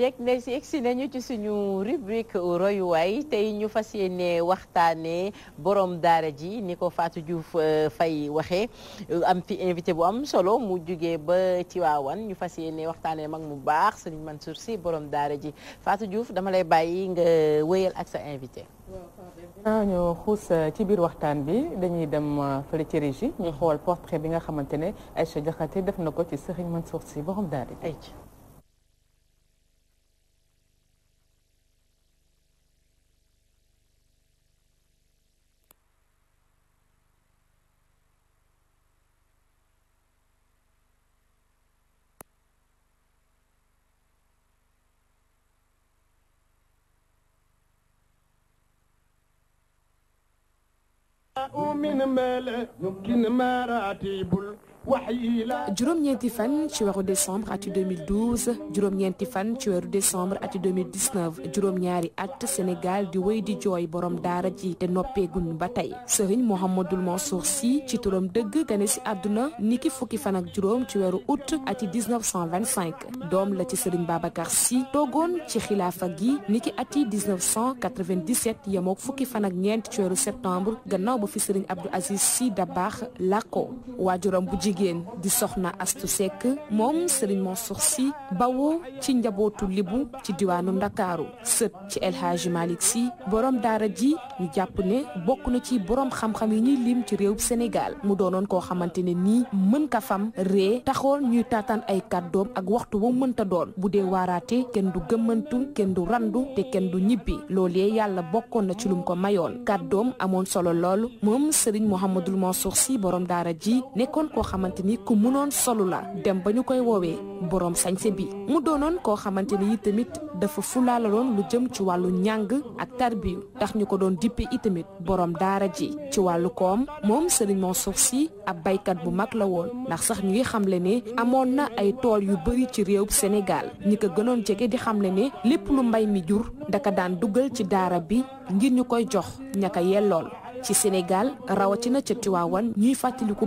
yegg na yegg si nañu ci suñu rubrique royuwaay tey ñu fas yéene waxtaane borom daara ji ni ko Fatou Diouf euh, fay waxee euh, am fi invité bu am solo mu jugee ba ci Tiwaawan ñu fas yéene waxtaanee mag mu baax sëñ Mansour Sy boroom daara ji Fatou Diouf dama lay bàyyi nga wéyal ak sa invité. waaw ñu xuus euh, ci biir waxtaan bi dañuy dem fële ci régie xool portrait bi nga xamante ne Aïcha Diakhaté def na ko ci sëriñ Mansour Sy borom daara ji. من مال يمكن مراتب juróom-ñeenti fan ci weeru décembre ati 2012 juróom-ñeenti fan ci weeru décembre ati 2019 juróom-ñaari at Sénégal di wéy di jooy boroom daara ji te noppeeguñ ba tey Serigne Mouhamadul Mansour Sy ci turam dëgg gane si àdduna niki fukki fan ak juróom ci weeru août ati 1925 doom la ci Serigne Babacar Sy toogoon ci xilaafa gi niki ati 1997 yemook fukki fan ak ñeent ci weeru septembre gannaaw ba fi Serigne Abdou Aziz Sy Dabakh làkko waajuram bu jigéen jigéen di soxna Astu Sekk moom Serigne Mansour Sy bawoo ci njabootu libu ci diwaanu Ndakaaru sët ci El Hadji si boroom daara ji ñu jàpp ne bokk na ci boroom xam-xam yi ñuy lim ci réew Sénégal mu doonoon koo xamante ne nii mën ka fam ree taxoon ñuy taataan ay kàddoom ak waxtu woo mënta doon bu dee waaraate kenn du gëmantu kenn du randu te kenn du ñibbi loolee yàlla bokkoon na ci lum ko mayoon kàddoom amoon solo lool moom Serigne Mouhamadul Mansour xamante ni ku munoon solu la dem ba ñu koy woowee boroom sañse bi mu doonoon koo xamante ni itamit dafa fulaalaloon lu jëm ci wàllu njàng ak tarbiyu tax ñu ko doon dippe itamit boroom daara ji ci wàllu koom moom Serigne sof si ab baykat bu mag la woon ndax sax ñu ngi xamle ne amoon na ay tool yu bëri ci réew Sénégal ñi ko gënoon jege di xamle ne lépp lu mbay mi jur daka daan dugal ci daara bi ngir ñu koy jox ñaka yellool ci Sénégal rawatina ca Tiwaawan ñuy fàttaliku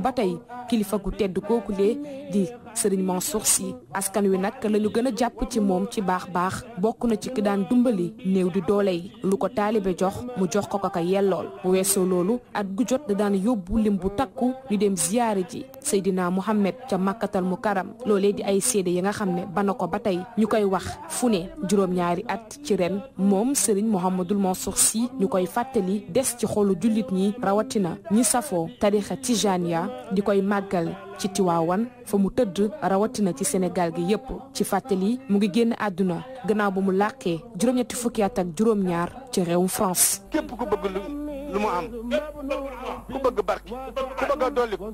kilifa gu tedd googulee di sëriñ Mansour Sy askan wi nag la ñu gën a jàpp ci moom ci baax baax bokk na ci ki daan dumbali néew di doole yi lu ko taalibe jox mu jox ko ko ka yellool bu weesoo loolu at gu jot da daan yóbbu lim bu takku ñu dem ziyaare ji Seydina Muhammad ca màkkatal mu karam loolee di ay seede yi nga xam ne bana ko ba tey ñu koy wax fu ne juróom-ñaari at ci ren moom sëriñ Mouhamadul Mansour Sy ñu koy fàttali des ci xolu jullit ñi rawatina màggal ci Tiwaawan fa mu tëdd rawatina ci Sénégal gi yépp ci fàttali mu ngi génn àdduna gannaaw ba mu làqee juróom-ñetti fukki at ak juróom-ñaar ci réewum France. képp ku bëgg lu mu am ku bëgg barke ku bëgg a dolli ko.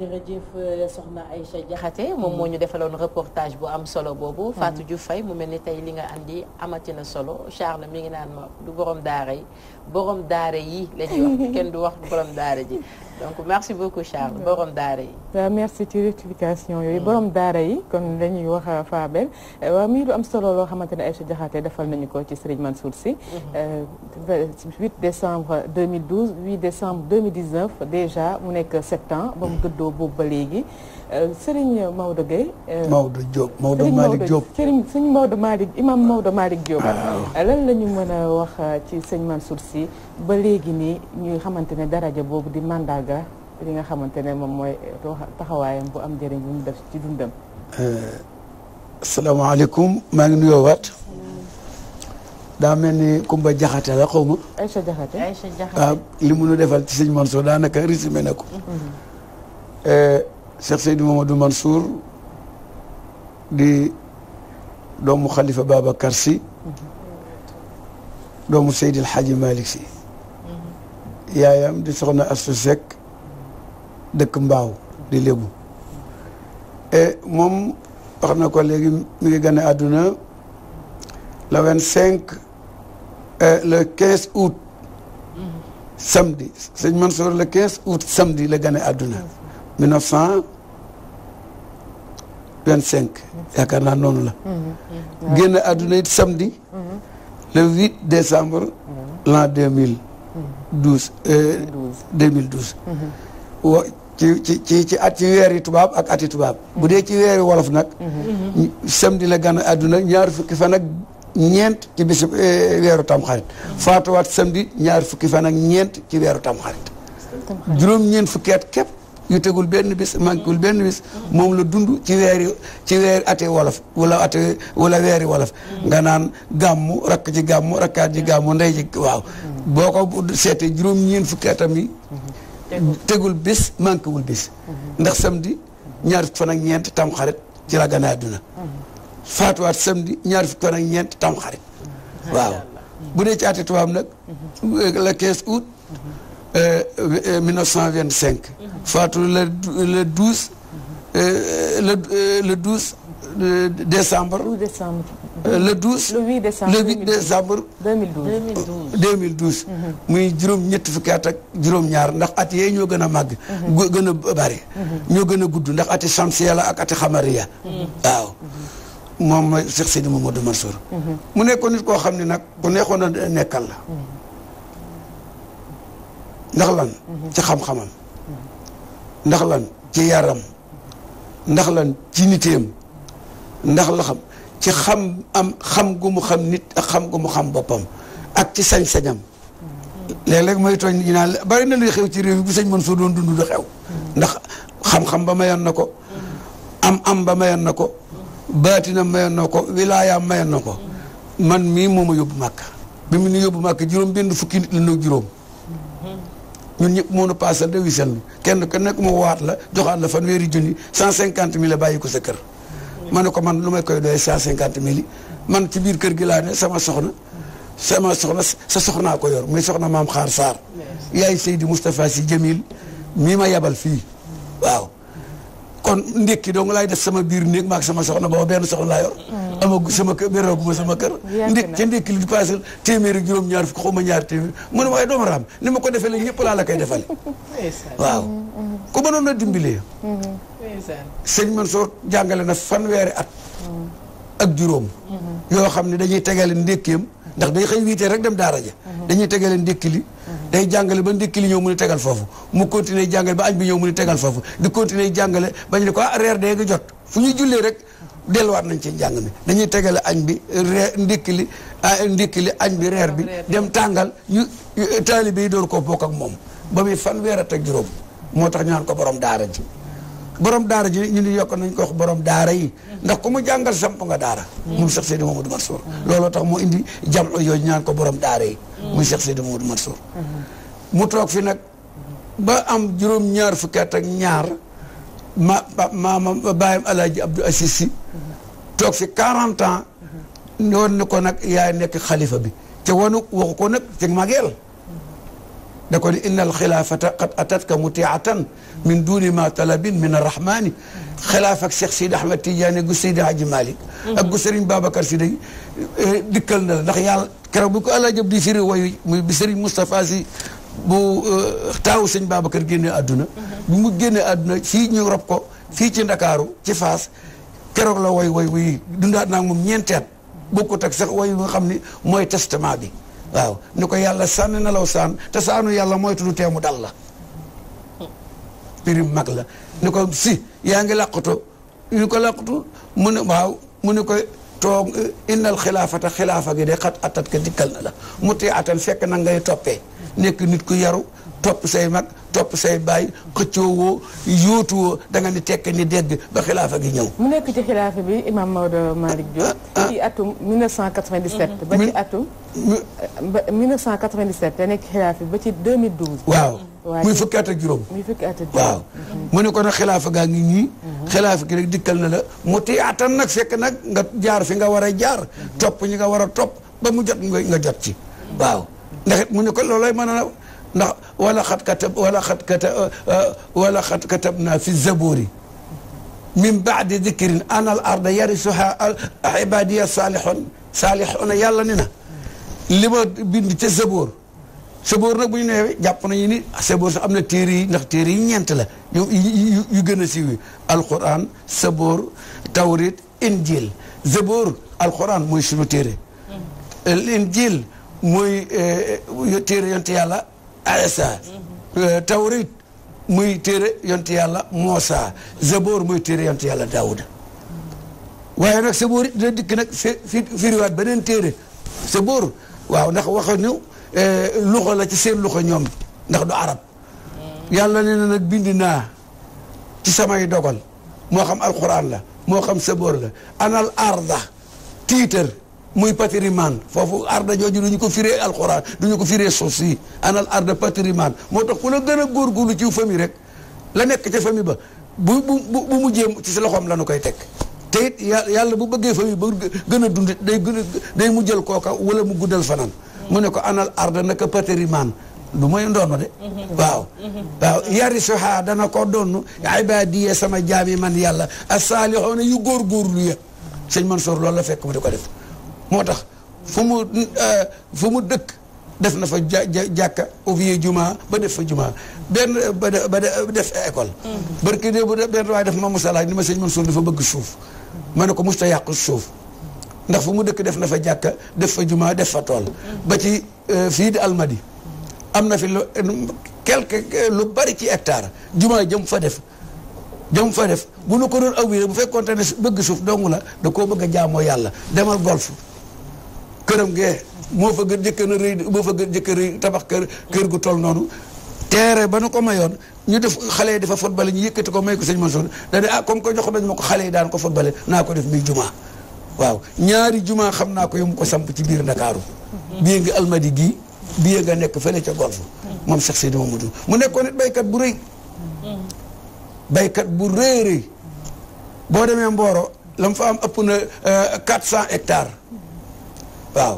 jërëjëf euh, soxna Aïcha Diakhaté mm. moom moo ñu defaloon reportage bu am solo boobu. Mm. Fatou Diouf fay mu mel ni tey li nga andi amatina solo Charles mi ngi naan ma du borom daara yi borom daara yi la ñuy wax kenn du wax borom daara ji. donc merci beaucoup Charles borom daara yi. waaw merci ci rectification yooyu borom daara yi kon dañuy wax euh, Fabel euh, waaw muy lu am solo loo xamante ne Aïcha Diakhaté defal nañu ko ci Serigne Mansour Sy. 8 mhm. euh, décembre 2012 8 décembre 2019 déjà mu nekk sept ans ba mu gëddoo boobu ba léegi. Serigne Maodo Gueye. Euh, Maodo Diop Maodo Malick Diop Serigne Serigne Maodo Malick Imam Maodo Malick Diop. Ah, lan la ñu mën a wax euh, ci sëñ Mansour Sy ba léegi nii ñuy xamante ne daraja boobu di mandarga li nga xamante ne moom mooy taxawaayam bu am njëriñ bu mu def ci dundam. asalaamaaleykum euh, maa ngi nuyoowaat. daa mel ni Kumba Jaxate la xaw ma. Ah, li mu defal ci sëñ Mansour daanaka résumé na ko. Mm-hmm. Cheikh Seydou Mamadou Mansour di doomu Khalifa Babacar Sy doomu Seydil Hadji Malick Sy yaayam di soxna Astou Seck dëkk Mbaaw di Lébu et moom wax na ko léegi mu ngi gane àdduna le vingt cinq e le quinze août samedi sëñ Mansour le quinze août samedi la gane àdduna 1925 yaakaar naa noonu la. Mhm. Mhm. génn àdduna it samedi. Mhm. le 8 décembre. Euh, ci ci ci at ci weeri tubaab ak ati tubaab. bu dee ci weeri wolof nag. samedi la gànn àdduna ñaar fukki fan ñeent ci bisu euh, weeru tamxarit. faatuwaat samedi ñaar fukki fan ñeent ci weeru tamxarit. juróom ñeent fukki at képp. yu tegul benn bis manquéwul benn bis moom la dund ci weeri ci weeri ate wolof wala ate wala weeri wolof nga naan gàmmu rakk ci gàmmu rakkaat ji gàmmu boo ko seetee juróom fukki atam yi tegul bis manquéwul bis ndax samedi ñaar fan ak ñeent tam xarit ci la gane faatuwaat samedi ñaar fukk fan ñeent tam xarit waaw bu dee ci ate tubaab nag le 15 août 1925. Euh, euh, faatu le le douze. Euh, le le douze décembre. le douze. le huit décembre le huit décembre. 2012 2012. muy juróom ñetti fukki at ak juróom ñaar ndax at yee ñoo gën a màgg. gën a bari. ñoo gën a gudd ndax ati Samsiya la ak ati Xamariya. waaw moom mooy Cheikh Sidi Mamadou Mansour. mu nekkoon nit koo xam ne nag ku neexoon a nekkal la. ndax lan ci xam-xamam ndax lan ci yaram ndax lan ci niteem ndax la xam ci xam am xam gu mu xam nit ak xam gu mu xam boppam ak ci sañ-sañam léeg-léeg mooy tooñ ñu bari na luy xew ci réew yi bu sëñ Mansour doon dund du xew ndax xam-xam ba mayoon na ko am am ba mayoon na ko baatinam mayoon na ko wilaayaam mayoon na ko man mii moom mooma yóbbu màkk bi mu nu yóbbu màkk juróom benn fukki nit la noo juróom ñun ñëpp moo nu paasal de wisal nu kenn ku nekk mu waat la joxaat la fanweeri junni cent cinquante mille bàyyi ko sa kër. ma ne ko man lu may koy doyee cent cinquante mille man ci biir kër gi laa ne sama soxna. sama soxna sa soxnaa ko yor muy soxna maam xaar Sarr. yaay Seydi Moustapha Sy Jamil mii ma yabal fii waaw. kon ndékki dong laay def sama biir néeg maak sama soxna booba benn soxna laa yor. Mm. amagu sama kër beraguma sama kër. ndékk ca ndékki li di passé téeméeri juróom-ñaar fukk xaw ma ñaar téeméer mu ne waaye doomu raam ni ma ko defee léegi ñëpp laa la koy defal waaw mm-hmm. ku mënoon a dimbilee. Mm-hmm. sëñ Mansour jàngale na fanweeri at. Mm. ak juróom. Mm-hmm. yoo xam ne dañuy tegale ndékkeem. ndax day xëy wiitee rek dem daara ja mhm. dañuy tegale ndékki li mhm. day jàngale ba ndékki li ñëw mun a tegal foofu mu continuer jàngale ba añ bi ñëw mun a tegal foofu di continuer jàngale bañu ne ko ah reer dee nga jot fu ñuy jullee rek delluwaat nañ ci njàng mi dañuy tegale añ bi reer ndékki li ah, li añ bi reer bi dem tàngal ñu taalibe yi door ko bokk ak moom ba muy fanweer at ak juróom moo tax ñaan ko boroom daara ji borom daara ji ñu nañ ko wax borom daara yi ndax ku mu jàngal samp nga daara moom Cheikh Seydi Mamadou Mansour looloo tax mu indi jam yooy ñaan ko borom daara yi muy Cheikh Seydi Mamadou Mansour mu toog fi nag ba am juróom ñaar fukki at ñaar ma maamam baayam alaaji Abdou toog fi 40 ans woon na ko nag yaay nekk xalifa bi te wanu waxu ko nag mageel da ko ni inna al xilaafata qad atatka mutiatan min duni ma talabin min arrahmani xilaaf ak Cheikh Sidi Ahmed Tidiane gu Sidi Hadji Malick ak gu Serigne Babacar Sy day dikkal na la ndax yàlla keroog bu ko àlla jëb di firi wayu muy bi Serigne Moustapha Sy bu taaw sëñ Babacar génnee àdduna bu mu génnee àdduna fii ñu rob ko fii ci Ndakaaru ci Faas keroog la way way way dundaat naa moom ñeenti at bokkut ak sax way nga xam ne mooy testament bi waaw ni ko yàlla sànni na law saan te saanu yàlla moytu du teemu dal la pirim mag la ni ko si yaa ngi làqatu ñu ko làqatu mu ne waaw mu ne ko toog innal xilaafata xilaafa gi de xat atat ka dikkal na la mu tee atan fekk na ngay toppee nekk nit ku yaru topp say mag topp say baay xëccoo woo yóotu da nga ni tekk ni dégg ba xilaafa gi ñëw. mu nekk ci xilaafa bi imaam Maodo Malick Diop. Ah, ah. ci atum 1997. ba ci atum. ba 1997 da nekk bi ba ci 2012. waaw. muy fukki at ak juróom muy fukki at ak juróom waaw mu ne ko nag xilaafa gaa ngi ñii mhm. xilaafa gi rek dikkal na la mu ti attan nag fekk nag nga jaar fi nga war a jaar mhm. topp ñi nga war a topp ba mu jot nga jot ci waaw ndax mu ne ko loolay mën a ndax wala xat katab wala xat katab euh, euh, wala xat katab naa fi zaburi min baadi dikrin ana al arda yarisuha ibadiya saalihun saalihuna yàlla ni na li ma bind ca sabóor sabóor nag bu ñu neewee jàpp nañu ni sabóor sax am na téere yi ndax téere yi ñeent la yu yu gën a siiwi alquran sabóor tawrit injil zabóor alquran mooy sunu téere mm. injil mooy euh, téere yonte yàlla Aïssa euh, Tawrit muy téere yonti yàlla Moosa Zaboor muy téere yont yàlla Daawuda waaye nag Zaboor it dina dikk nag firiwaat beneen téere Zaboor waaw ndax waxuñu euh, luxo la ci seen luxo ñoom ndax du arab yàlla nee na nag bindi naa ci samay dogal moo xam alquran la moo xam Zaboor la anal arda tiitar muy patrimoine foofu arda jooju du ñu ko firee alxuraan du ñu ko firee suuf si anal arda patrimoine moo tax ku la gën a góor góorgóorlu ci famille rek la nekk ca famille ba bu bu bu mu jéem ci si loxoom la nu koy teg te it yàlla bu bëggee famille ba gën a dund day gën a day mu jël kooka wala mu guddal fanaan mu ne ko anal arda naka patrimoine du mooy ma de waaw waaw yarisuha dana ko donn ibaadiya sama jaami man yàlla asaalihoona yu góor góorgóorlu ya sëñ Mansour loolu la fekk ko moo tax fu mu euh, fu mu dëkk def na fa ja jàkka au vieux juma ba def fa juma benn ba ba def école. Mm-hmm. barke de bu benn waaye def ma musalaay ni ma sëñ Mansour dafa bëgg suuf ma ne ko musta yàqu suuf ndax fu mu dëkk def na fa jàkka def fa juma def fa tool. Mm-hmm. ba ci euh, fii di Almadi am na fi lu quelque lu bari ci hectare jumaa jëm fa def. jëm fa def bu nu ko doon awiré bu fekkoon ne bëgg suuf dong la da koo bëgg a jaamoo yàlla demal golf këram gee moo fa gën jëkkër rëy moo fa gën jëkkër rëy tabax kër kër gu toll noonu teere ba nu ko mayoon ñu def xale yi dafa football ñu yëkkati ko may ko sëñ Mansour da ne ah, comme que jox nañ ma ko xale yi daan ko football naa ko def muy juma waaw ñaari juma xam naa ko yu mu ko samp ci biir Ndakaaru bii nga almadi gii bii nga nekk fële ca golf moom Cheikh Seydi Mamadou mu nekkoon it béykat bu rëy béykat bu rëy rëy boo demee mbooro la mu fa am ëpp na euh, cent hectares waaw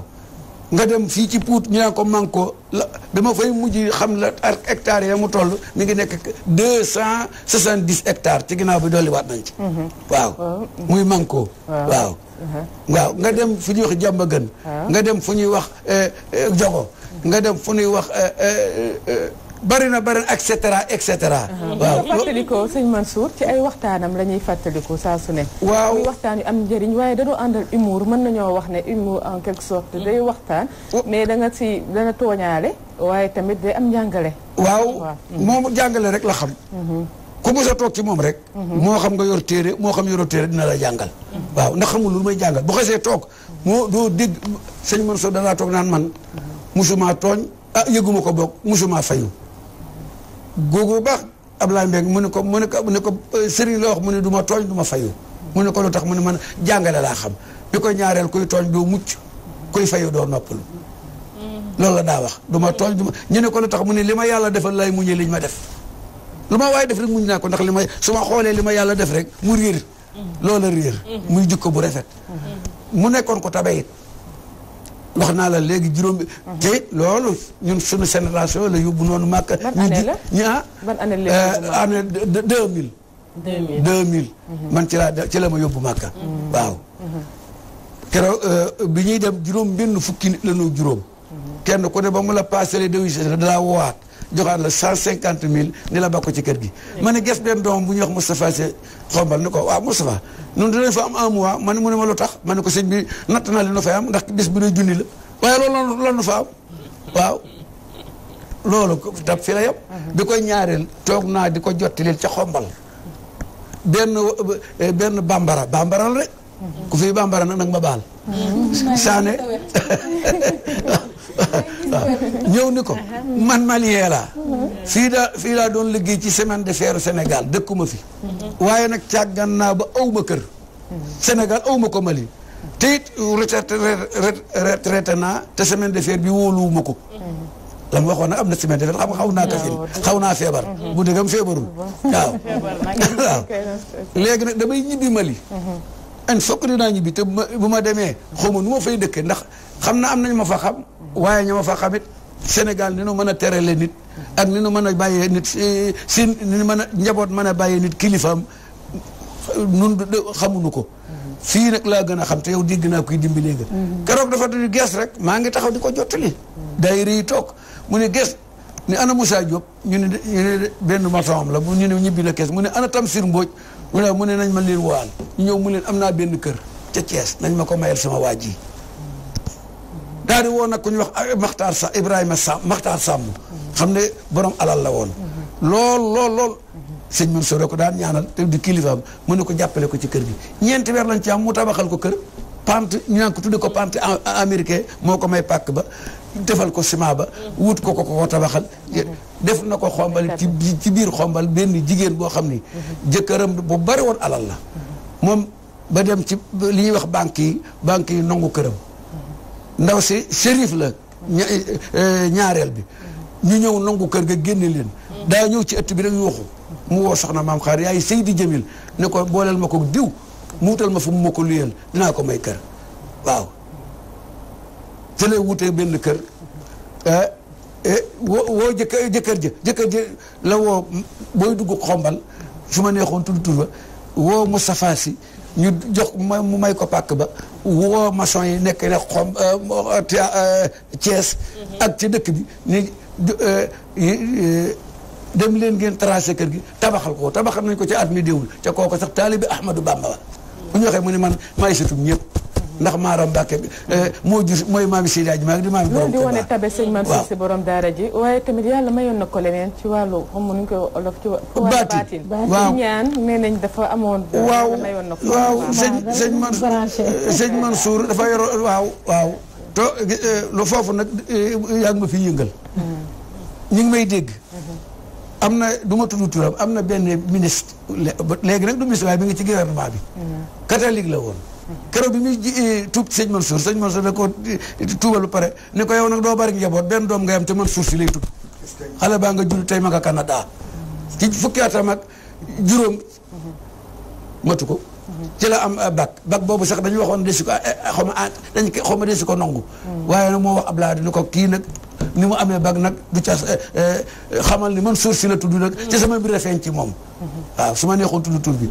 nga dem fii ci Pout ñu naan ko manko la dama fay mujj xam la ak hectares ya mu toll mi ngi nekk deux cent soixante dix hectares ci ginnaaw bi dolli waat nañ ci mhm. waaw oh, mhm. muy manko ah. waaw mhm. waaw nga dem fu ñuy wax jàmba gën ah. nga dem fu ñuy wax eh, eh, jogo nga dem fu ñuy wax eh, bari na bari na et cetera et cetera. Ah. waaw bu ñu fàttalikoo sëñ ci ay waxtaanam la ñuy fàttaliku saa su ne. waaw muy waxtaan yu am njëriñ waaye da doo àndal humour mën nañoo wax ne humour en quelque sorte day waxtaan. mais da nga si dana tooñaale. waaye tamit day am njàngale. waaw mm-hmm. moom jàngale rek la xam. Mm-hmm. ku mos a toog ci moom rek. Mm-hmm. moo xam nga yor téere moo xam yoroo téere dina la jàngal. waaw ndax xamul lu may jàngal bu xasee toog. moo doo dégg sëñ Mansour danaa toog naan man. musuma tooñ ah yëguma ko boog musuma fayu. ba baax Ablaye Mbengue mu ne ko mu ne ko ne ko euh, sëriñ la wax mu ne du ma tooñ du ma fayu mu ne ko lu tax mu ne man jàngale laa xam bi ko ñaareel kuy tooñ doo mucc kuy fayu doo noppalu loolu la daa wax du ma tooñ ñu ne ko tax mu ne li ma yàlla defal lay muñee liñ ma def lu ma waaye def rek muñ naa ko ndax li may su ma xoolee li ma yàlla def rek mu réer loola réer mm-hmm. muy jikko bu rafet mm-hmm. mu nekkoon ko tabe wax naa la léegi juróomi. Mhm. te loolu ñun suñu génération la yóbbu noonu màkk. ban année la ñu ah, ban année la euh, année deux mille. deux mille mhm. man ci laa ci la ma yóbbu màkk. Mhm. waaw. keroog euh, bi ñuy dem juróom benn fukki nit la ñu juróom. kenn ku ne ba mu la paasee les deux huit da laa woowaat. joxaat la cent cinquante mille ni la bàkko ci kër gi man ne ges benn doom bu ñu wax Moustapha Sy xombal ni ko waaw Moustapha nun dinañ fa am un mois man mu ne ma lu tax ma ne ko sëñ bi natt naa li nu fay am ndax bis bu dee junni la waaye loolu loolu nu fa am waaw loolu dab fi la yem bi koy ñaareel toog naa di ko jottilil ca xombal eh, benn bambara bambara la rek ku fi bambara nag ma baal saane ñëw ni ko man malien laa fii daa fii doon liggéey ci semaine de feeru Sénégal dëkkuma fi waaye nag càggan naa ba awma kër Sénégal awma ko Mali te it retraité naa te semaine de fer bi wóoluwuma ko la mu waxoon nag am na semaine de fer xam xaw naa kafin xaw naa feebar mhm. bu dëggam feebarul waaw waaw nag damay ñibbi Mali mhm. an fokk dinaa ñibbi te bu ma demee xaw nu ma fay dëkke ndax xam na am nañ ma fa xam waaye ñoo fa xamit Sénégal ni nu mën a terale nit ak ni nu mën a bàyyee nit si ni nu mën a njaboot mën a bàyyee nit kilifaam nun xamuñu ko fii nag laa gën a xam te yow dégg naa kuy dimbalee nga mm-hmm. keroog dafa duñu gees rek maa ngi taxaw di ko jottali day rii toog mu ne gees ni ana Moussa Diop ñu ne ñu ne benn maçon la bu ñu ne ñibbi na kees mu ne ana Tamsir Mbodj mu ne mu nañ ma leen waal ñu ñëw mu leen am naa benn kër ca Thiès nañ ma ko mayal sama waa ji daal di woon nag ku ñu wax Maxtaar sa Ibrahima Sam Maxtaar Sàmm xam ne boroom alal la woon lool lool lool sëñ sore ko daan ñaanal te di kilifaam mu ne ko jàppale ko ci kër gi ñeenti weer lañ ci am mu tabaxal ko kër pante ñu naan ko tudde ko pante américain moo ko may pàkk ba defal ko ciment ba wut ko ko ko tabaxal def na ko xombal ci ci biir xombal benn jigéen boo xam ni jëkkëram bu bari woon alal la moom ba dem ci li ñuy wax banque yi banque yi nangu këram ndaw si shérif la euh, ñaareel bi ñu ñëw nangu kër ga génne leen daa ñëw ci ëtt bi rek yuuxu mu woo soxna maam xaar yaay Seydi Jamil ne ko booleel ma ko diw mu wutal ma fu mu ma ko luyeel dinaa ko may kër waaw jëlee wutee benn kër eh, eh, woo woo jëkkër jëkkër jë jëkkër jë la woo booy dugg xombal su ma neexoon tudd tur ba woo Moustapha Sy ñu jox mu may ko pàkk ba woo maçon yi nekk ne xom euh, euh, euh, Thiès. Mhm. ak ci dëkk bi ni dem leen ngeen tracé kër gi tabaxal ko tabaxal nañ ko ci at mi déwul ca kooku sax taalibi Ahmadou Bamba wa mhm. bu ñu waxee mu ne man maay sëtum ñëpp ndax Maaram Mbàkke eh, moo jur mooy maam Seydi Hadji Malick di maam borom loolu di wane tabe sëñ daara ji waaye tamit yàlla mayoon na ko leneen ci wàllu xam nu ñu koy olof ci wàllu baatin waaw ñaan nee nañ dafa amoon waaw mayoon na ko waaw sëñ sëñ Mansour eh, sëñ Mansour dafa yoro waaw waaw to eh, lu foofu nag ngi ma fi yëngal mm-hmm. ñu ngi may dégg mm-hmm. am na du ma tudd am na benn ministre léegi nag du ministre waaye mi ngi ci gouvernement bi mm-hmm. catholique la woon keroog bi muy eh, tuub sëñ Mansour sëñ Mansour da ko eh, tuubal ba pare ni ko yow nag doo bari njaboot benn doom nga yam te Mansour si lay tudd xale baa nga jull tey ma nga Canada ci fukki atam ak juróom matu ko ci la am eh, bac bac boobu sax dañu waxoon desi ah, ko xaw ma dañ xaw ma desi ko nangu waaye nag moo wax Ablaye ni ko kii nag ni mu amee bac nag du ca xamal ni Mansour si la tudd nag sama mbir feeñ ci moom waaw su ma neexoon tudd tur bi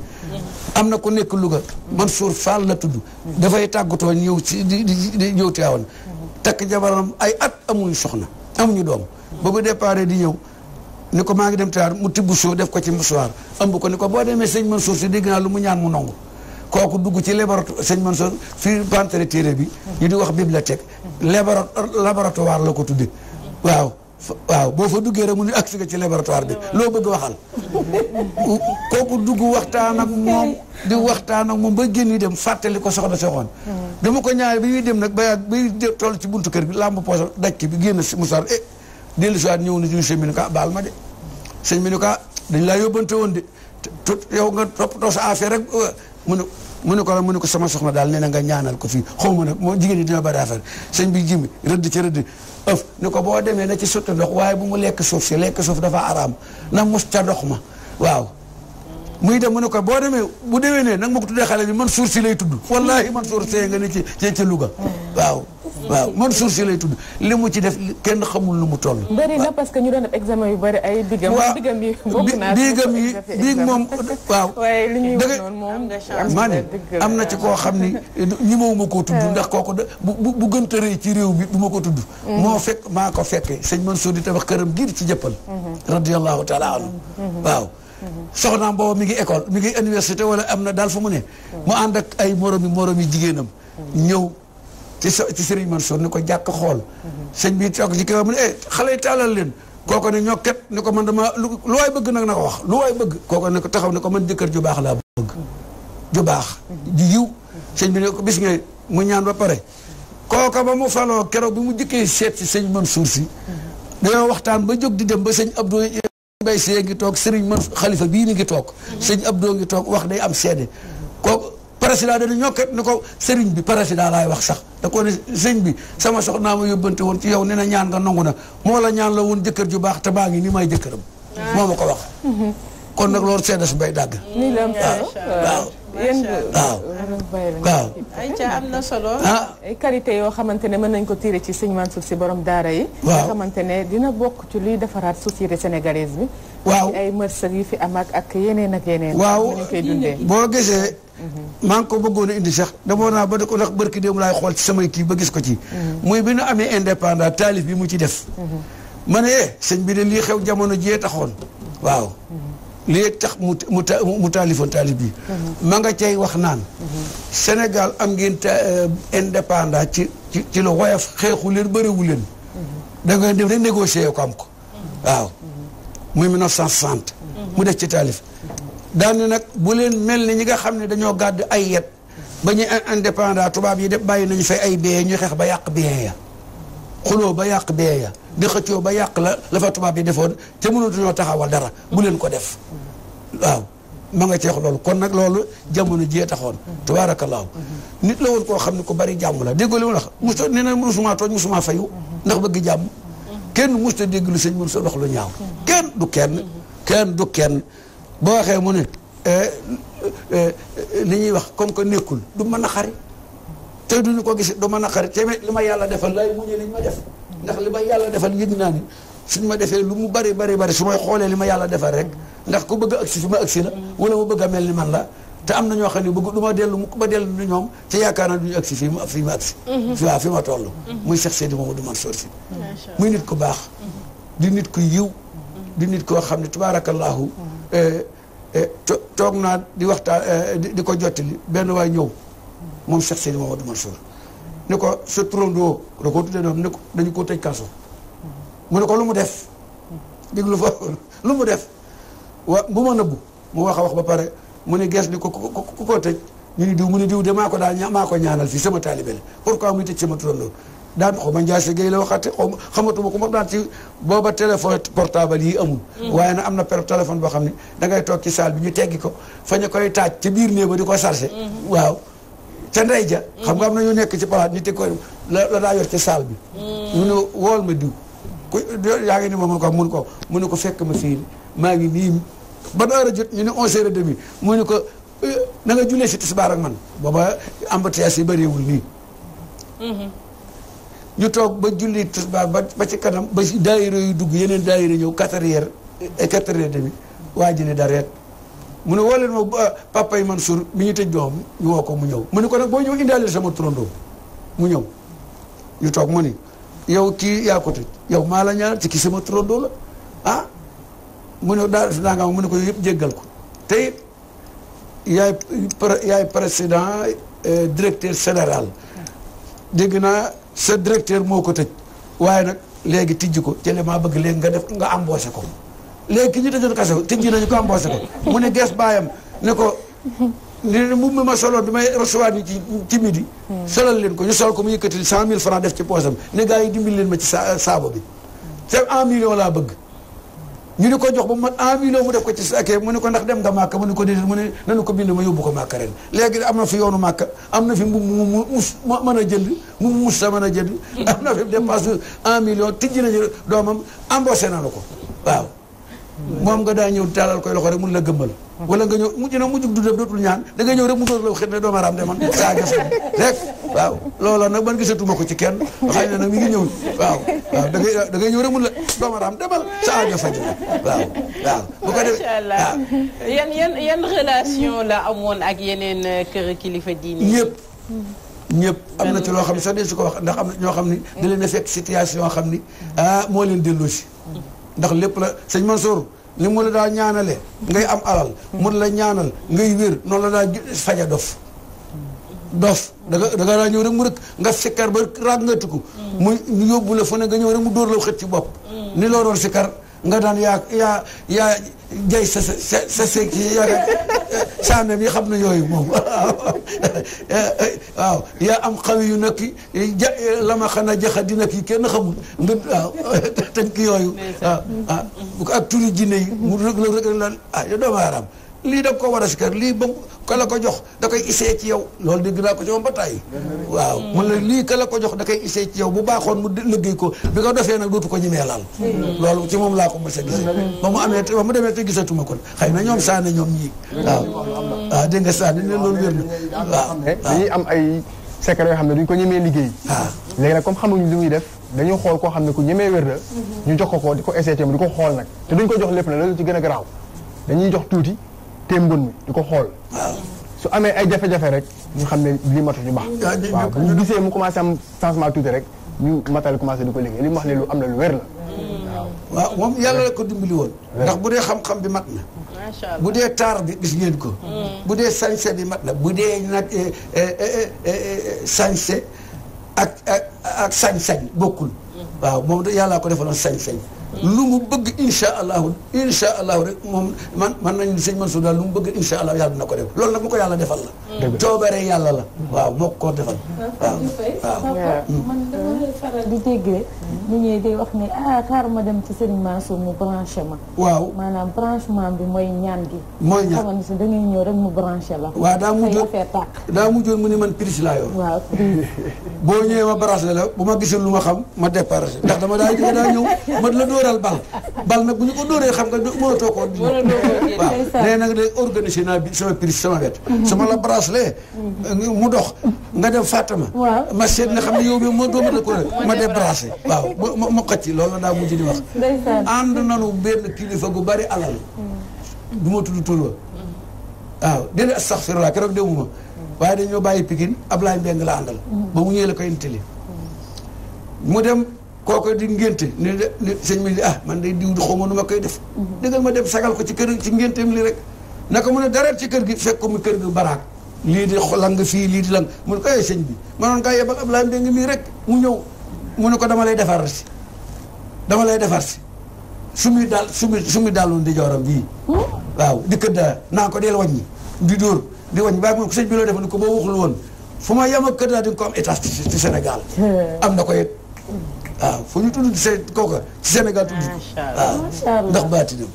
am na ku nekk Louga Mansour Fall la tudd dafay tàggatoo ñëw ci di di ñëw Tiwaawan takk jabaram ay at amuñu soxna amuñu doom ba bu déparé di ñëw ni ko maa ngi dem taar mu tibb soo def ko ci musuwaar ëmb ko ni ko boo demee sëñ Mansour si dégg naa lu mu ñaan mu nangu kooku dugg ci laboratoire sëñ Mansour fii bantere téere bi yu di wax bibliothèque laboratoire la ko tudde waaw waaw boo fa duggee rek mu ne agsi ga ci laboratoire bi loo bëgg waxal kooku dugg waxtaan ak moom di waxtaan ak moom ba génn dem fàttali ko soxna soxoon hmm. dama ko ñaare bi ñuy dem nag ba yàgg bay toll ci buntu kër bi làmb poosam daj bi génn si Moussa eh dellu si na suñu sëñ bi ni ko ah, baal ma de sëñ bi ah, laa yóbbante woon de tout yow nga toppatoo sa affaire rek euh, mu ne mu ne ko la mu ne ko sama soxna daal nee na a ñaanal ko fii xaw ma nag moo jigéen ñi dina bari affaire sëñ bi jimi rëdd ci rëdd ëf ni ko boo demee na ci sotti ndox waaye bu mu lekk suuf si lekk suuf dafa araam na mus ca ndox ma waaw muy dem mu ne ko boo demee bu demee ne nag ma ko tuddee xale bi man suur si lay tudd wallahi man suur see nga ne ci ci ci Louga si lay tudd li mu ci def kenn xamul lu mu toll bëri na parce que ñu doon def examen yu bëri ay bigam bigam yi bokk naa bigam yi biig moom waaw dëgg maa ne am na ci koo xam ni ñi mawuma koo tudd ndax kooku da bu bu gën tëree ci réew bi du ma ko tudd mm-hmm. moo fekk maa ko fekkee sëñ Mansour di tabax këram giir ci jëppal mm-hmm. radiyallahu taala anhu mm-hmm. waaw soxnaam booba mi ngi école mi ngi université wala am na daal fa mu ne mu ànd ak ay moromi moromi jigéenam ñëw ci ci ko jàkk xool sëñ bi toog ci kawam ne eh xale yi taalal leen kooko ne ñokket ni ko man dama lu waay bëgg nag na ko wax lu waay bëgg kooko ne taxaw ne ko man jëkkër ju baax laa bëgg ju baax ju yiw sëñ bi ne ko bis nga mu ñaan ba pare kooka ba mu faloo keroog bi mu jëkkee seet si sëñ Mansour si waxtaan ba jóg di dem ba sëñ Abdou Mbaye Sy ngi toog Serigne man xalifa bii ni ngi toog sëñ Abdou ngi toog wax day am seede ko Serigne bi président laay wax sax da ko ne sëñ bi sama soxnaa ma yóbbante woon ci yow ne na ñaan nga nangu na moo la ñaan la woon jëkkër ju baax te baa ngi ni may jëkkëram moo ma ko wax mm-hmm. kon nag loolu seedas mbay dàgg waaw waaw yéen waaw waaw. am na solo. ah ay qualité yoo xamante ne mën nañ ko tirer ci sëñ Mansour si borom daara yi. waaw xamante ne dina bokk ci luy defaraat société sénégalaise bi. waaw ay mërsëg yu fi am ak yeneen ak yeneen. waaw boo gisee. Mhm. maa ko bëggoon indi sax demoon naa ba da ko ndax barki démb laay xool ci samay kii ba gis ko ci. Mhm. muy bi nu amee indépendant taalif bi mu ci def. Mhm. ma ne eh, sëñ bi de lii xew jamono jiyee taxoon waaw. lii tax mu mu taalifoon taalif bii mhm. ma nga cee wax naan mhm. Sénégal am ngeen euh, indépendant ci ci ci woyof xeexu leen bëriwu leen mhm. da def rek négocier ko am ko waaw muy 1960 mu def ci taalif daane nag bu leen mel ni ñi nga xam ne dañoo gàdd ay yet ba ñuy indépendant tubaab yi def bàyyi nañu fay ay bee ñu xeex ba yàq bee ya xuloo ba yàq bee ya di xëccoo ba yàq la la fa tubaab yi defoon te mënatuñoo dara bu leen ko def waaw ma nga ceex loolu kon nag loolu jamono jee taxoon tubaarakallaahu nit la woon koo xam ne ko bari jàmm la déggoo li mu wax musta nee na musuma tooñ musuma fayu ndax bëgg jàmm kenn musta dégg lu sëñ mun sa wax lu ñaaw kenn du kenn kenn du kenn boo waxee mu ne eh, eh, eh, li ñuy wax comme que nekkul du mën a xari du duñu ko gis du mën a xari te li ma yàlla defal lay muñee li ñu ma def ndax li ma yàlla defal yëg naa ni ma defee lu mu bari bari bari su may xoolee li ma yàlla defal rek ndax ku bëgg a agsi su ma agsi la wala mu bëgg a mel ni man la te am na ñoo xam ne bëgg du ma dellu mu ku ma dellu ñoom te yaakaar naa duñu agsi fii ma fii ma agsi mhm. ma toll muy Cheikh Seydi Mamadou Mansour Sy muy nit ku baax di nit ku yiw di nit koo xam ne tabaarakallaahu eh, eh, toog naa di waxtaan eh, di ko jottali benn waay ñëw moom Cheikh Seydi Mamadou Mansour ni ko sa turandoo da koo tuddee doom ni ko dañu koo tëj kaso mu ne ko lu mu def déglu fa lu mu def wa bu ma nëbbu mu wax a wax ba pare mu ne gees ni ko ku ko tëj ñu ni diw mu ne diw de maa ko daal maa ko ñaanal fii sama taalibe la pourquoi muy tëj sama turandoo la waxaate xaw ma xamatuma ko moom daan ci booba téléphone portable yi amul. Mm-hmm. waaye na am na per téléphone boo xam ne dangay toog ci salle bi ñu teggi ko fa ñu koy taaj ci biir néeg ba di ko chargé. Mm-hmm. waaw. ca ndey ja xam nga am na nekk ci palaat nit ko la la daa yor ci saal bi mu mm. ne wool ma diw ku yaa ngi ni moom ko mun ko mu ne ko fekk ma fii maa ngi nii ba naar jot ñu ne onze heures et demi mu ne ko eh, na nga jullee si tisbaar ak man booba embouteillage yi bëriwul nii mm-hmm. ñu toog ba julli tisbaar ba ci kanam ba si yu dugg yeneen daayira ñëw quatre heures e quatre heures et waa ji ne dareet mu ne woo leen ma ah, papa yi Mansour mi ñu tëj doom ñu woo ko mu ñëw mu ne ko nag boo ñëw indaale sama turandoo mu ñëw ñu toog ma ni yow kii yaa ko tëj yow maa la ñaanal ci kii sama turandoo la ah mu ne daa daanga mu ne ko yëpp jéggal ko tey yaay yaay président euh, directeur général dégg naa sa directeur moo ko tëj waaye nag léegi tijji ko ci li maa bëgg léegi nga def nga embauché ko léegi ki ñu tëjoon kaso tëj nañu ko embauché ko mu ne gees baayam ne ko ne mu mi ma soloon bi may recevoir ni ci ci midi leen ko ñu sol ko mu yëkkatil cent mille francs def ci poosam ne gars yi dimbali leen ma ci sa saabo bi te un million laa bëgg ñu ne ko jox ba mu mat un million mu def ko ci sake mu ne ko ndax dem nga màkka mu ne ko déedéet mu ne ko bind ma yóbbu ko màkka ren léegi am na fi yoonu màkka am na fi mu mu mus mën a jënd mu mus sa mën a jënd am na fi dépense un million tijji nañu doomam embauché nañu ko waaw moom nga daa ñëw taalal koy loxo rek mun la gëmbal wala nga ñëw mu na mujjug dundam dootul ñaan da nga ñëw rek mu dóor la xet ne doomu raam de man saa gas rek waaw loola nag man gisatuma ci kenn xëy na nag mi ngi ñëw waaw waaw da ngay da ngay ñëw rek mun la doomu raam demal sa aajo faj waaw waaw bu ko defee waaw yan yan yan relation la amoon ak yeneen euh, kër kilifa diine ñëpp ñëpp am na ci loo xam ne sax dee ko wax ndax am ñoo xam ni da leen a fekk situation xam ni ah moo leen delloosi ndax lépp la sëñ Mansour ni mu la daa ñaanale ngay am alal mu la ñaanal ngay wér noonu la daa faja dof dof da nga da nga daa ñëw rek mu rek nga sikkar ba ràggatiku mu yóbbu la fa ne nga ñëw rek mu dóor la xët ci bopp ni loo doon sikkar nga daan yaa yaa yaa jay sa sa sa sa kii yaa eh, saameem yi xam na yooyu moom eh, eh, waaw yaa am xawi yu nekk ja la ma xanaa jaxa dina kii kenn xamul nga waaw tënk yooyu. waaw ah, ah ak jinne yi. mu rëg rëg la ah yow doomu aaraam. lii da ko war a sikar lii ba ka la ko jox da koy isee ci yow loolu dégg naa ko ci moom ba tàyyi waaw mm. mun la lii ka la ko jox da koy isee ci yow bu baaxoon mu liggéey ko bi ko defee nag dootu ko ñemee laal mm. loolu ci moom laa ko mos a gisee mm. ba mu demee te gisatuma kon xëy na ñoom saane ñoom ñii waaw waaw ah, dégg nga saane ne loolu wér dañuy am ay secret yoo xam ne duñ ko ñemee liggéey waaw ah. léegi nag comme xamuñu li muy def dañu xool koo xam ne ku ñemee wér la mm-hmm. ñu jox ko ko di ko essayé di ko xool nag te duñ ko jox lépp nag loolu ci gën a garaaw dañuy jox tuuti témbun mi di ko xool. su amee ay jafe-jafe rek ñu xam ne lii matul ñu baax. waaw bu ñu gisee mu commencé am changement tuuti rek ñu matal commencé di ko liggéey li mu ne lu am la lu wér la. Hmm. moom yàlla la ko dimbali woon. ndax bu dee xam-xam bi mat na. macha allah bu dee taar bi gis ngeen ko. Hmm. bu dee sañse di mat na bu dee nag eh, eh, eh, sañse ak ak ak sañ bokkul. Hmm. waaw moom yàlla ko defaloon sañ-sañ. lu mu bëgg insha allahu insha allahu rek moom man man nañ sëñ Mansour daal lu mu bëgg insha allahu yàlla dina ko def loolu nag mu ko yàlla defal la coobare yàlla la waaw moo ko defal waaw waaw di déggee. ñu ñëwee day wax ne ah xaar ma dem ci Serigne Mansour mu branché ma. waaw maanaam branchement bi mooy ñaan gi. mooy ñaan xamal si da ngay mu branché la. waaw daa mujjoon daa mu ne man prise laa yor. waaw boo ñëwee ma branché la bu ma gisul lu ma xam ma déparé ndax dama daa jóge daa ñëw ma la dóoral bal bal nag bu ñu ko dóoree xam nga mënatoo koo. mënatoo koo jëlee waaw léegi nag day organisé naa bi sama prise sama wet. sama la branché mm-hmm. mu dox nga dem fàttam ma. waaw ma seet nga xam ne yow mii moo doomu a ko ma débranché waaw ma ma xëcc loolu daa mujj di wax. ndeysaan ànd nanu benn kilifa gu bari alal. Mm. du ma tudd tur ba. waaw déedéet astaxfirullah keroog demuma. waaye dañoo bàyyi Pikine Ablaye Mbengue la àndal. Mm. ba mu ñëwee la koy intili. Mm. mu dem kooku di ngénte ni de ni sëñ bi ah man de diw xaw ma nu ma koy def. dëggal ma dem sagal ko ci kër ci ngénteem li rek. naka mun ne dara ci kër gi fekk ko mu kër gi baraak. lii di lang fii lii di lang mu ne ko eh sëñ bi manoon kaa yebal Ablaye Mbengue mii rek mu ñëw mu ne ko dama lay defar si dama lay defar si su muy daal su muy su muy daalul di jooram bii hm? waaw di këdda naa ko deel wàññi di dóor di wàññi waaye mu ne ko sëñ bi loo def ni ko boo waxul woon fu ma yem ak këdda di nga ko am état ci Sénégal am na ko it waaw fu ñu tudd ci kooka ci Sénégal tudd waaw ndax baatinam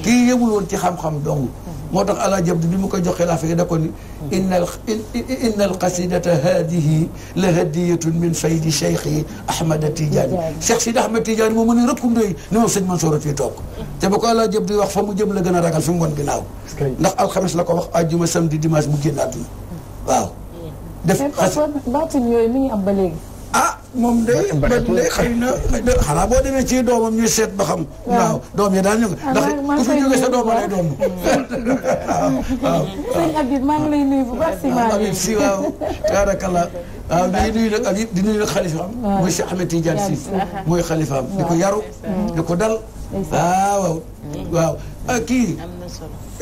kii yemul woon ci xam-xam dong moo tax alaaji Abdu bi mu koy joxe laa fekk da ko ni inna al inna al qasidata haadihi la hadiyatun min faydi cheikhi ahmada tidiane cheikh sidi ahmad tidiane moo mën a rëkkum doy ni moom sëñ Mansour fii toog te ba ko alaaji Abdu wax fa mu jëm la gën a ragal fi mu ngoon ginnaaw ndax alxames la ko wax àjjuma samedi dimanche mu génn àdduna waaw def baatin yooyu mi ngi am ba léegi moom day man day xëy na boo demee ci doomam ñuy ba xam. waaw doom yi daal ah, ku fi jógee sa doom lay doon. waaw sëñ Habib maa ngi lay nuyu bu baax si maa ngi ah, di di nuyu nag xalifaam. waaw mooy Cheikh Ahmed Tidiane Sy mooy xalifaam di ko yaru di ko dal. Ah, waaw waaw. Ah, kii. am na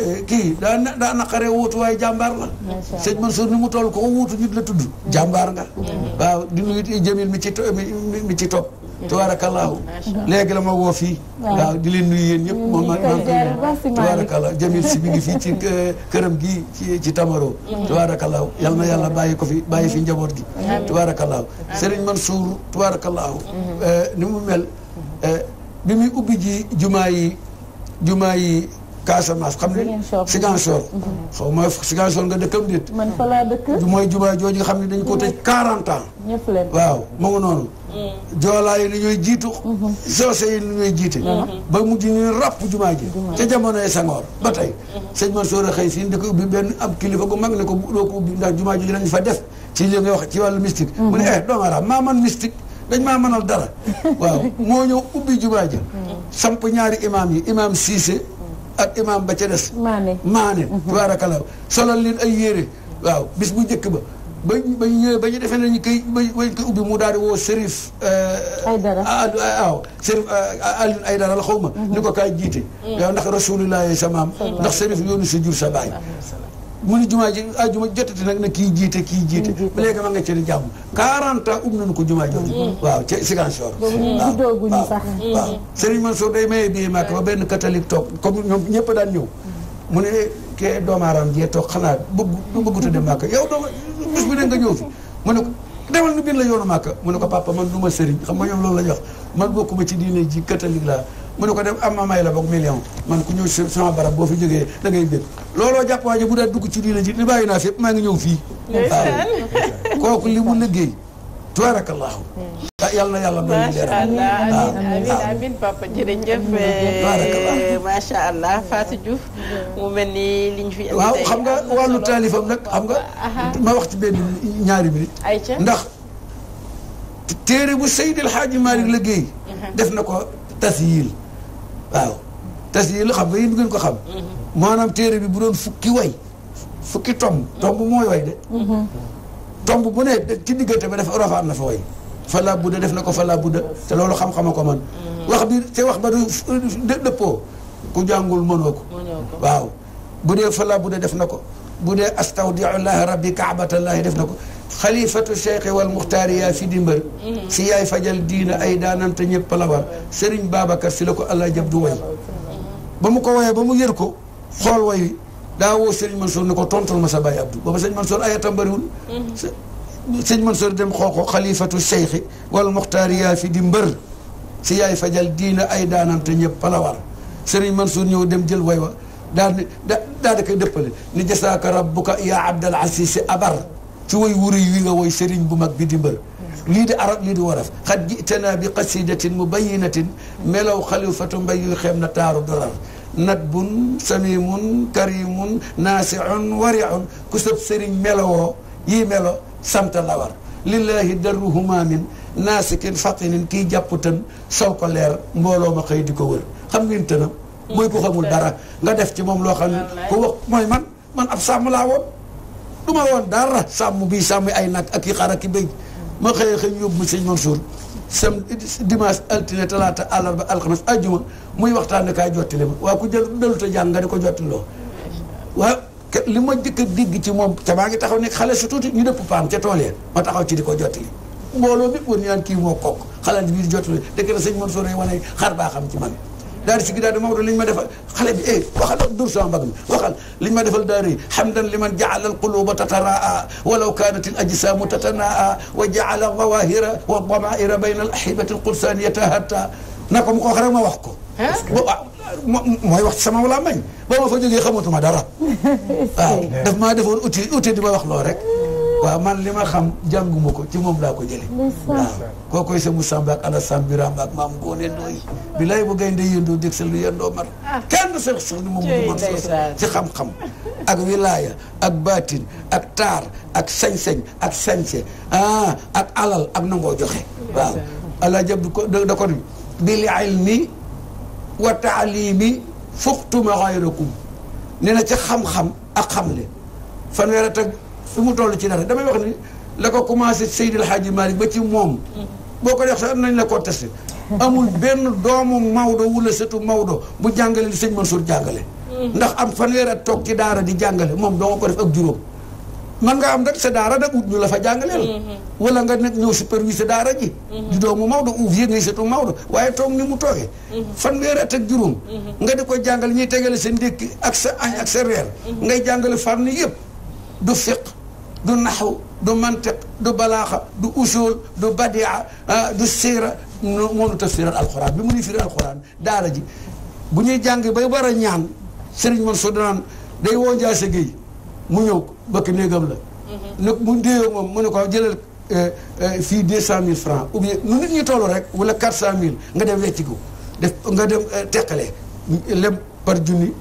eh, kii daa na daa waaye jàmbaar la. macha allah sëñ Mansour ni mu toll ko wuutu nit la tudd. Mm. jàmbaar nga. Mm. waaw di nuyu Jamil mi ci mi ci topp. Mm. tubaarakallaahu léegi la ma woo fii. waaw di leen nuyu yéen ñëpp. moom maa ngi koy tubaarakallaahu Jamil si mi fii ci eh, këram gi ci ci Tamaro. tubaarakallaahu yal na yàlla bàyyi ko fi bàyyi fi njaboot gi. amiin tubaarakallaahu Serigne Mansour tubaarakallaahu mm-hmm. eh, ni mu mel. Mm-hmm. bi muy ubbi ji jumaa yi jumaa yi Casamance xam ne Ziguinchor mhm. xaw ma Ziguinchor nga dëkkam déet man fa laa dëkk mooy jumaa jooju nga xam ne dañ ko tëj quarante ans ñëpp waaw mu noonu mm. joolaa yi ni ñooy jiitu mhm. soose yi ni ñooy jiite mhm. ba mujj ñuy ràpp jumaa ji ca jamonoy Senghor ba tey sëñ Mansour a xëy si di ko ubbi benn ab kilifa gu mag ne ko doo ko ubbi ndax jumaa jooju lañ fa def ci li nga wax ci wàllu mystique mu ne eh doomu aaraam maa man mystique dañ maa mënal dara waaw moo ñëw ubbi jumaa ja samp ñaari imaam yi imaam Cissé ak imaam ba ca des maane la mhm. tubaarakala solal leen ay yére waaw bis bu njëkk ba ba ba ñu ñëwee ba ñu defee ñu koy ba ñu ubbi mu daal di woo Serif. Euh, Aydara ah, ah, waaw Serif euh, Alioune Aydara la xaw ma. Mhm. ni ko kaay jiite. yow mhm. ndax rasulullah sama maam. ndax Serif yoonu sa jur sa mu ni jumaa ji ajuma ah, jotati nag na kii jiite kii jiite mm-hmm. ba léegi ma nga ci di jàmm quarante ans um nañu ko jumaa jooju mm-hmm. waaw ci Sigansor waaw waaw mm-hmm. Serigne Mansour day maye bii maak ba benn catholique toog comme ñoom ñëpp daan ñëw mu ne eh, kee doomaaraam jee toog xanaa bëgg bëgguta de màkk yow dooma bis bi ne nga ñëw fi mu ne ko demal nu bind la yoonu màkk mun ne ko papa man du ma Serigne xam nga ñoom loolu la jox man man bokkuma ci diine ji catholique laa mu ne ko def am ma may la boog million man ku ñëw sama barab boo fi jógee da ngay dégg looloo jàpp waa bu dee dugg ci diina ji li bàyyi naa fépp maa ngi ñëw fii kooku li mu liggéey tabarakallahu mm. yàlla na yàlla doon leer amiin amiin papa jërëjëf macha allah Fatou mel ni liñ fi waaw xam nga wàllu taalifam nag xam nga ma wax ci benn ñaari minute ndax téere bu Seydil Hadji Malick liggéey def na ko tasyil waaw tas yi la xam nga yéen ngeen ko xam mm-hmm. maanaam téere bi bu doon fukki way fukki tomb tomb mooy way de mm-hmm. tomb bu ne ci diggante ba dafa rafaan fa way fala def na ko fala budda te loolu xam-xama ko man mm-hmm. wax bi te wax ba du dëppoo bu dee def na ko bu dee astawdiullahi rabbi kaabatallahi def na ko xalifatu cheikh wal muxtaari yaa fi di mbër si yaay fajal diina ay daanante ñëpp la war sëriñ Babacar si la ko allah jab du way ba mu ko woyee ba mu yër ko xool way daa woo sëriñ Mansour ne ko tontal ma sa baay Abdou booba sëriñ Mansour ayatam bëriwul mhm. sëriñ Mansour dem xoo ko xalifatu cheikh wal muxtaari yaa fi di mbër si yaay fajal diina ay daanante ñëpp la war sëriñ Mansour ñëw dem jël way wa daa da daa da koy dëppale ni jasaaka rabbuka yaa abdal asiisi abar ci woy wuri wi nga woy sëriñ bu mag bi di mbër lii di arab lii di waraf xat jitanaa bi qasidatin mubayinatin melaw xalifatu mbay yuy xeem na taaru dorar nadbun samimun karimun naasiun wariun ku sëb sëriñ melowoo yii melo samta la war lillahi darru humaamin naasikin fatinin kii jàpp tën saw ko leer mbooloo ma xëy di ko wër xam ngeen tënam mooy ku xamul dara nga def ci moom loo xam ne ku mooy man man ab sàmm woon du ma woon dara sàmm bi sàmm ay nag ak i xar ak i béy ma xëyee xëy yóbbu ma sëñ Mansour sam dimanche altine talaata àllarba alxames ajjuma muy waxtaan kaay jottali ma waa ku jël dalute jàng nga di ko jottiloo waaw li ma njëkk a digg ci moom ca maa ngi taxaw nekk xale su tuuti ñu dëpp paam ca tool yeen ma taxaw ci di ko jottali mbooloo mi wër ñu naan kii moo kook xalaat bi di jottali dëkk na sëñ Mansour yi wane xar baa xam ci man daal di si daal di Maodo li ñu ma defal xale bi eh waxal dur sama mbagg mi waxal li ñu ma defal daari hamdan liman jaala alquluba tataraa walaw kanat al ajsaamu tatanaa wa jaala zawahira wa damaira bayna al ahibati alqudsaniya tahatta na ko mu ko wax rek ma wax ko ah, mooy wax ci sama wala mañ ba ma fa jógee xamatuma dara waaw daf maa defoon outil outil di ma wax loo rek waaw man li ma xam jànguma ko ci moom laa ko jële waaw kookoy sa Musamba ak Alassane Birame ak maam Ngoone Ndoye bilaay bu gaynde yëndoo dég sa lu yëndoo mar ah. kenn sax xam-xam ak wilaaya ak baatin ak taar ak sañ-sañ ak sañse ah ak alal ak nangoo joxe waaw allah jab ko ko ni bil ilmi wa taalimi fuqtuma xayrakum nee na ci xam-xam ak xamle fanweer fi mu toll ci dara damay wax ni la ko la Seydil Hadji Malick ba ci moom boo ko def sax nañ la ko testé amul benn doomu Maodo wula sëtu Maodo bu jàngale li sëñ Mansour jàngale ndax am fanweer at toog ci daara di jàngale moom doo ko def ak juróom man nga am rek sa daara nag ut ñu la wala nga nekk ñëw superviser daara ji di doomu Maodo uuf yéen ngay Maodo waaye toog ni mu toogee fanweer at ak juróom nga di ko jàngale ñuy tegale sa ndékki ak sa añ ak sa reer ngay jàngale fànn yëpp du fiq du naxw du mantiq du balaaxa du usul du badia ah, du siira moonu tafsiral alquran bi mu nuy firi alquran daara ji bu ñuy jàng bay war a ñaan sëriñ man so day woo njaa sa géy mu ñëw bëkk néegam la mhm. nag mu déeyoo moom mu ne ko jëlal eh, eh, fii deux cent mille francs ou bien nu nit ñi rek wala quatre cent mille nga dem wecciku def nga dem eh, teqale lem par junni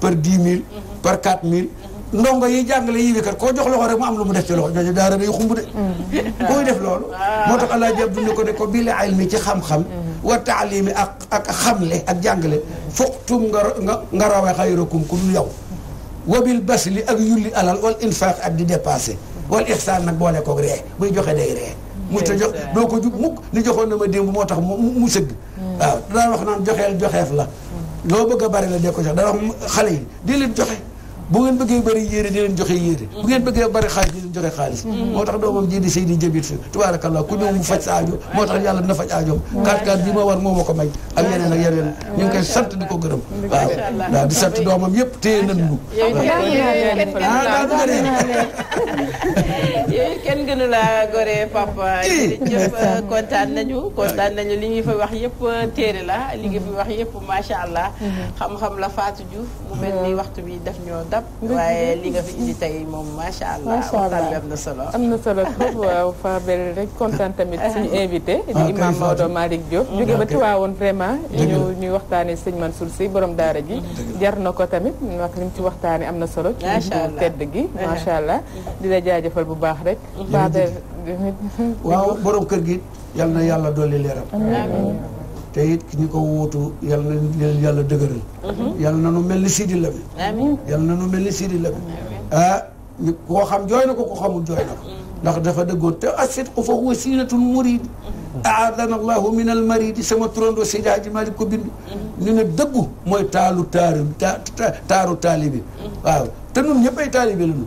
par dix mille mhm. par quatre mille mhm. ndongo yi jàngale yi wi koo jox loxo rek mu am lu mu def ci loxo ñooñu daara day xumb de mm. ah. moo tax allah jab ko ne ko bil ilmi xam-xam mm. wa taalimi ak ak xamle ak jàngale fuqtum nga nga rawe xayrakum ku dul yow wa bil basli ak yulli alal wal ak di dépassé wal ihsaan nag boole koog ree buy joxe day ree mu ko jub mukk ni joxoon na ma démb moo tax mu sëgg mm. waaw daan wax naan joxeel joxeef la loo bëgg a bari la dee ko jox dana wax xale yi di leen joxe bu ngeen bëggee bëri yére di leen joxe yére bu ngeen bëggee bëri xaalis di leen joxe xaalis mm-hmm. moo tax doomam ji di di jëbit fi tubaarakallah ku ñëw mu faj sa aajo moo tax yàlla dina faj aajoom kaat mm-hmm. kaat bi ma war moo ma ko may ak yeneen ak yeneen mm-hmm. ñu di ko gërëm waaw waaw di sant doomam yëpp téye nañ ñu ah daal yooyu kenn gënu laa gore papa eh. jërëjëf kontaan nañu kontaan nañu li ñuy fa wax yëpp euh, téere la li nga fi wax yëpp macha allah xam-xam la Fatou mu mel ni waxtu bi daf ñoo dab Pape waaye li nga fi indi tey moom macha allah. macha allah am na solo. am na solo trop waaw Fabel rek kontaan tamit suñu invité. Ah, di imam Maodo Malick Diop. Ah, jóge ba Tiwaawoon vraiment. ñu ñuy waxtaanee sëñ Mansour Sy borom daara ji. jar na ko tamit wax li mu ci waxtaanee am na solo. macha allah ci tedd gi macha allah. di la jaajëfal bu baax rek. Fabel waaw kër gi yal na yàlla dolli leeram. te it ñi ko wuutu yal na leen yàlla dëgëral. Mhm. yal na nu mel ni Sidi Lamine. amiin yal na nu mel ni Sidi Lamine. ah ñu koo xam jooy na ko ko xamul jooy na ko. Mhm. ndax dafa dëggoon te asidqu fa huwa siinatul muriid. Mhm. aadana allahu min al maridi sama turando si jaaji maa di ko bind. ñu ne dëggu mooy taalu taaru taaru taali bi waaw. te ñun ñëpp ay taalibe lañu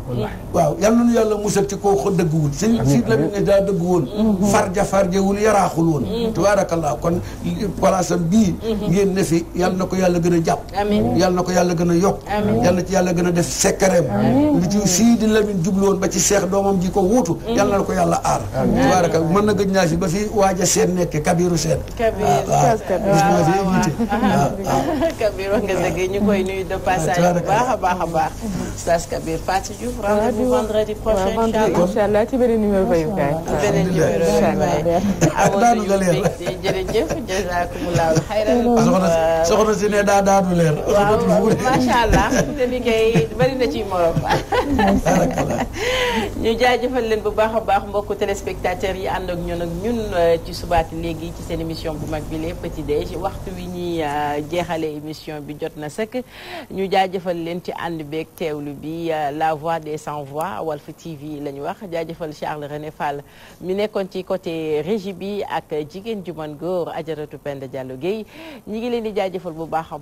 waaw yal nañu yàlla musal ci koo dëgguwul sëñ si lañu ne daa dëgg woon mm-hmm. farja farjawul yaraaxul woon mm-hmm. tabaarakallaa kon palaasam bii mm-hmm. ngeen ne fi yal na ko yàlla gën a jàpp yal na ko yàlla gën a yokk yal na yàlla gën a def sekkareem lu ci Sidi Lamine jublu woon ba ci seex doomam ji ko wuutu yal na ko yàlla aar tabaaraka mën na gëj naa fi ba fi waaja seen nekk kabiru seen ah, ah. waaw gis waaw ah, baax a baax a baax Oustaz Kabir Fatou Diouf rendez-vous vendredi prochain incha allah ci beneen numéro bayukaay. ci beneen numéro bayukaay. daanu nga na ci morom. jaajëfal leen bu baax a baax mbokku téléspectateurs yi ànd ak ñun ak ñun euh, ci subaati léegi ci seen émission bu mag bi les Petit Déj waxtu wi ñuy euh, jeexale émission bi jot na sëkk ñu jëfal leen ci ànd beeg teew déglu bi euh, la voix des sans voix Walf TV la ñu wax jaajëfal Charles René Fall mi nekkoon ci côté régie bi ak jigéen ju man góor Ajaratu Penda Diallo Guèye ñi ngi leen di jaajëfal bu baax